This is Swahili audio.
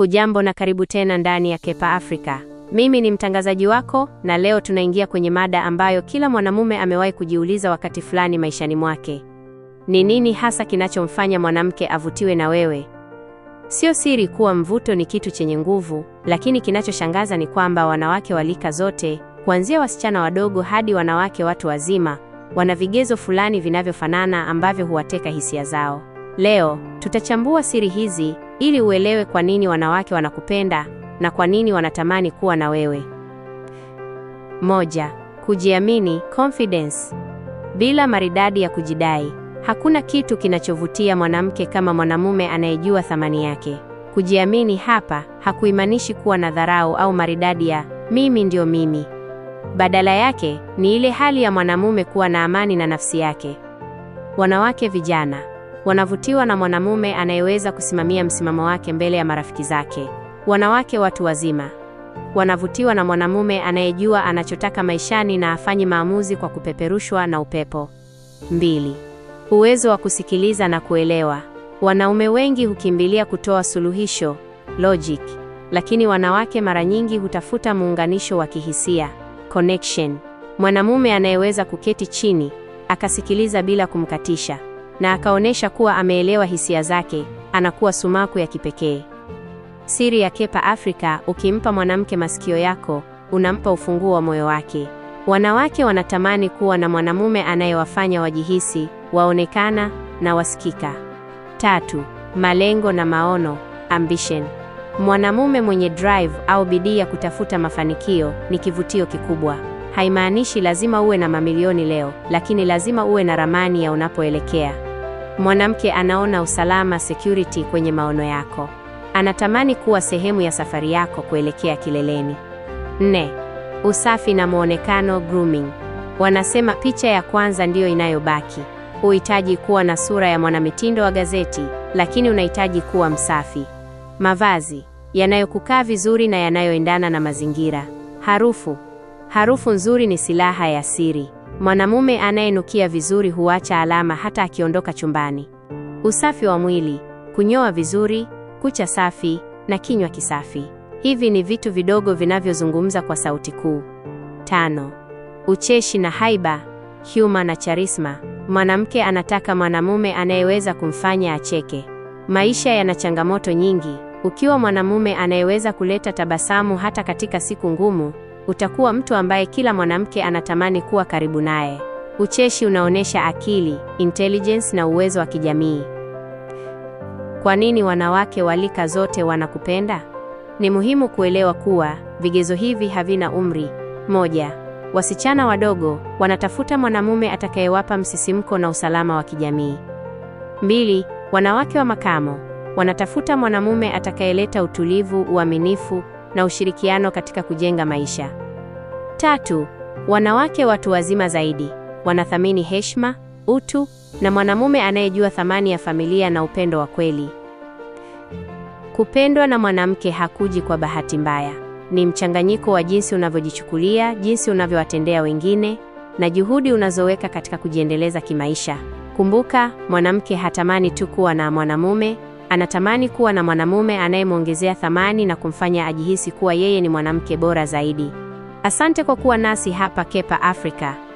Hujambo na karibu tena ndani ya Kepa afrika Mimi ni mtangazaji wako na leo tunaingia kwenye mada ambayo kila mwanamume amewahi kujiuliza wakati fulani maishani mwake. Ni nini hasa kinachomfanya mwanamke avutiwe na wewe? Sio siri kuwa mvuto ni kitu chenye nguvu, lakini kinachoshangaza ni kwamba wanawake walika zote, kuanzia wasichana wadogo hadi wanawake watu wazima, wana vigezo fulani vinavyofanana ambavyo huwateka hisia zao. Leo tutachambua siri hizi ili uelewe kwa nini wanawake wanakupenda na kwa nini wanatamani kuwa na wewe. Moja, kujiamini confidence. Bila maridadi ya kujidai, hakuna kitu kinachovutia mwanamke kama mwanamume anayejua thamani yake. Kujiamini hapa hakuimaanishi kuwa na dharau au maridadi ya mimi ndio mimi. Badala yake ni ile hali ya mwanamume kuwa na amani na nafsi yake. Wanawake vijana Wanavutiwa na mwanamume anayeweza kusimamia msimamo wake mbele ya marafiki zake. Wanawake watu wazima wanavutiwa na mwanamume anayejua anachotaka maishani na afanye maamuzi kwa kupeperushwa na upepo. Mbili, uwezo wa kusikiliza na kuelewa. Wanaume wengi hukimbilia kutoa suluhisho logic, lakini wanawake mara nyingi hutafuta muunganisho wa kihisia connection. Mwanamume anayeweza kuketi chini akasikiliza bila kumkatisha na akaonyesha kuwa ameelewa hisia zake, anakuwa sumaku ya kipekee. Siri ya Kepa Africa: ukimpa mwanamke masikio yako, unampa ufunguo wa moyo wake. Wanawake wanatamani kuwa na mwanamume anayewafanya wajihisi, waonekana na wasikika. Tatu, malengo na maono, ambition. Mwanamume mwenye drive au bidii ya kutafuta mafanikio ni kivutio kikubwa. Haimaanishi lazima uwe na mamilioni leo, lakini lazima uwe na ramani ya unapoelekea. Mwanamke anaona usalama security kwenye maono yako. Anatamani kuwa sehemu ya safari yako kuelekea kileleni. Nne, usafi na muonekano grooming. Wanasema picha ya kwanza ndiyo inayobaki. Huhitaji kuwa na sura ya mwanamitindo wa gazeti, lakini unahitaji kuwa msafi. Mavazi yanayokukaa vizuri na yanayoendana na mazingira. Harufu. Harufu nzuri ni silaha ya siri. Mwanamume anayenukia vizuri huacha alama hata akiondoka chumbani. Usafi wa mwili, kunyoa vizuri, kucha safi na kinywa kisafi. Hivi ni vitu vidogo vinavyozungumza kwa sauti kuu. Tano, ucheshi na haiba, humor na charisma. Mwanamke anataka mwanamume anayeweza kumfanya acheke. Maisha yana changamoto nyingi. Ukiwa mwanamume anayeweza kuleta tabasamu hata katika siku ngumu, Utakuwa mtu ambaye kila mwanamke anatamani kuwa karibu naye. Ucheshi unaonyesha akili, intelligence na uwezo wa kijamii. Kwa nini wanawake walika zote wanakupenda? Ni muhimu kuelewa kuwa vigezo hivi havina umri. Moja, wasichana wadogo wanatafuta mwanamume atakayewapa msisimko na usalama wa kijamii. Mbili, wanawake wa makamo wanatafuta mwanamume atakayeleta utulivu, uaminifu na ushirikiano katika kujenga maisha. Tatu, wanawake watu wazima zaidi wanathamini heshima, utu na mwanamume anayejua thamani ya familia na upendo wa kweli. Kupendwa na mwanamke hakuji kwa bahati mbaya. Ni mchanganyiko wa jinsi unavyojichukulia, jinsi unavyowatendea wengine na juhudi unazoweka katika kujiendeleza kimaisha. Kumbuka, mwanamke hatamani tu kuwa na mwanamume Anatamani kuwa na mwanamume anayemwongezea thamani na kumfanya ajihisi kuwa yeye ni mwanamke bora zaidi. Asante kwa kuwa nasi hapa Kepa Africa.